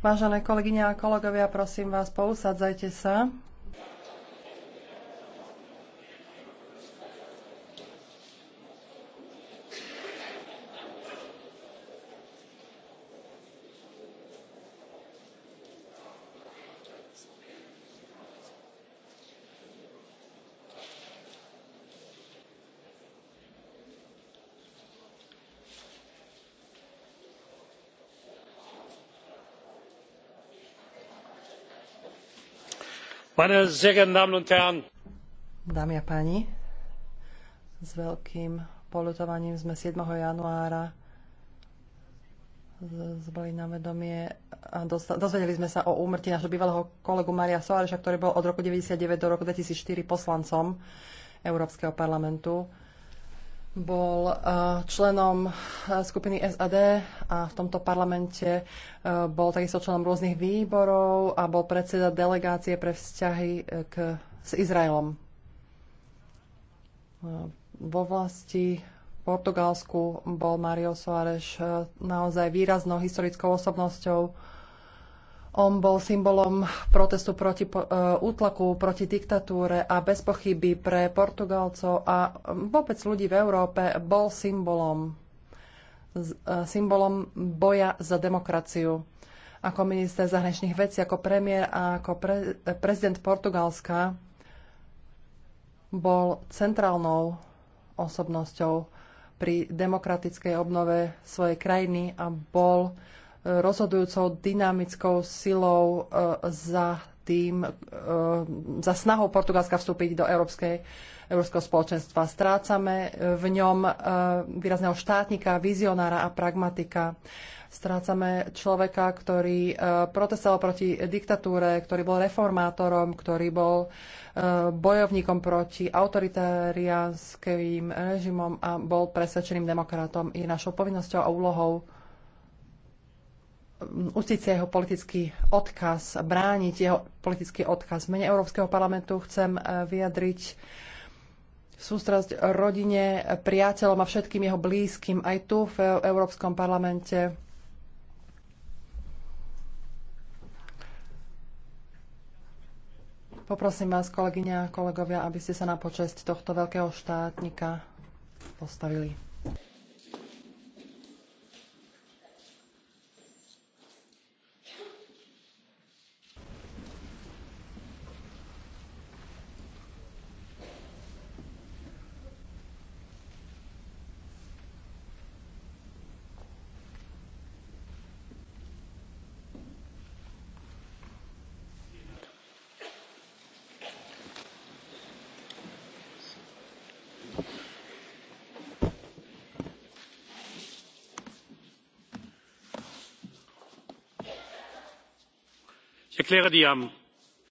Vážené kolegyne a kolegovia, prosím vás, pousadzajte sa. Dámy a páni, s veľkým polutovaním sme 7. januára zboli na vedomie a dozvedeli sme sa o úmrtí nášho bývalého kolegu Maria Soareša, ktorý bol od roku 1999 do roku 2004 poslancom Európskeho parlamentu bol eh, členom eh, skupiny SAD a v tomto parlamente eh, bol takisto členom rôznych výborov a bol predseda delegácie pre vzťahy k, s Izraelom. Vo vlasti Portugalsku bol Mario Soares naozaj výraznou historickou osobnosťou on bol symbolom protestu proti e, útlaku, proti diktatúre a bez pochyby pre Portugalcov a vôbec ľudí v Európe bol symbolom, e, symbolom boja za demokraciu. Ako minister zahraničných vecí, ako premiér a ako pre, prezident Portugalska bol centrálnou osobnosťou pri demokratickej obnove svojej krajiny a bol rozhodujúcou dynamickou silou e, za tým, e, za snahou Portugalska vstúpiť do Európskej, Európskeho spoločenstva. Strácame v ňom e, výrazného štátnika, vizionára a pragmatika. Strácame človeka, ktorý protestoval proti diktatúre, ktorý bol reformátorom, ktorý bol bojovníkom proti autoritariánskym režimom a bol presvedčeným demokratom. Je našou povinnosťou a úlohou ustíť jeho politický odkaz, brániť jeho politický odkaz. V mene Európskeho parlamentu chcem e, vyjadriť sústrasť rodine, priateľom a všetkým jeho blízkym aj tu v Európskom parlamente. Poprosím vás, kolegyňa a kolegovia, aby ste sa na počesť tohto veľkého štátnika postavili. ich erkläre die am.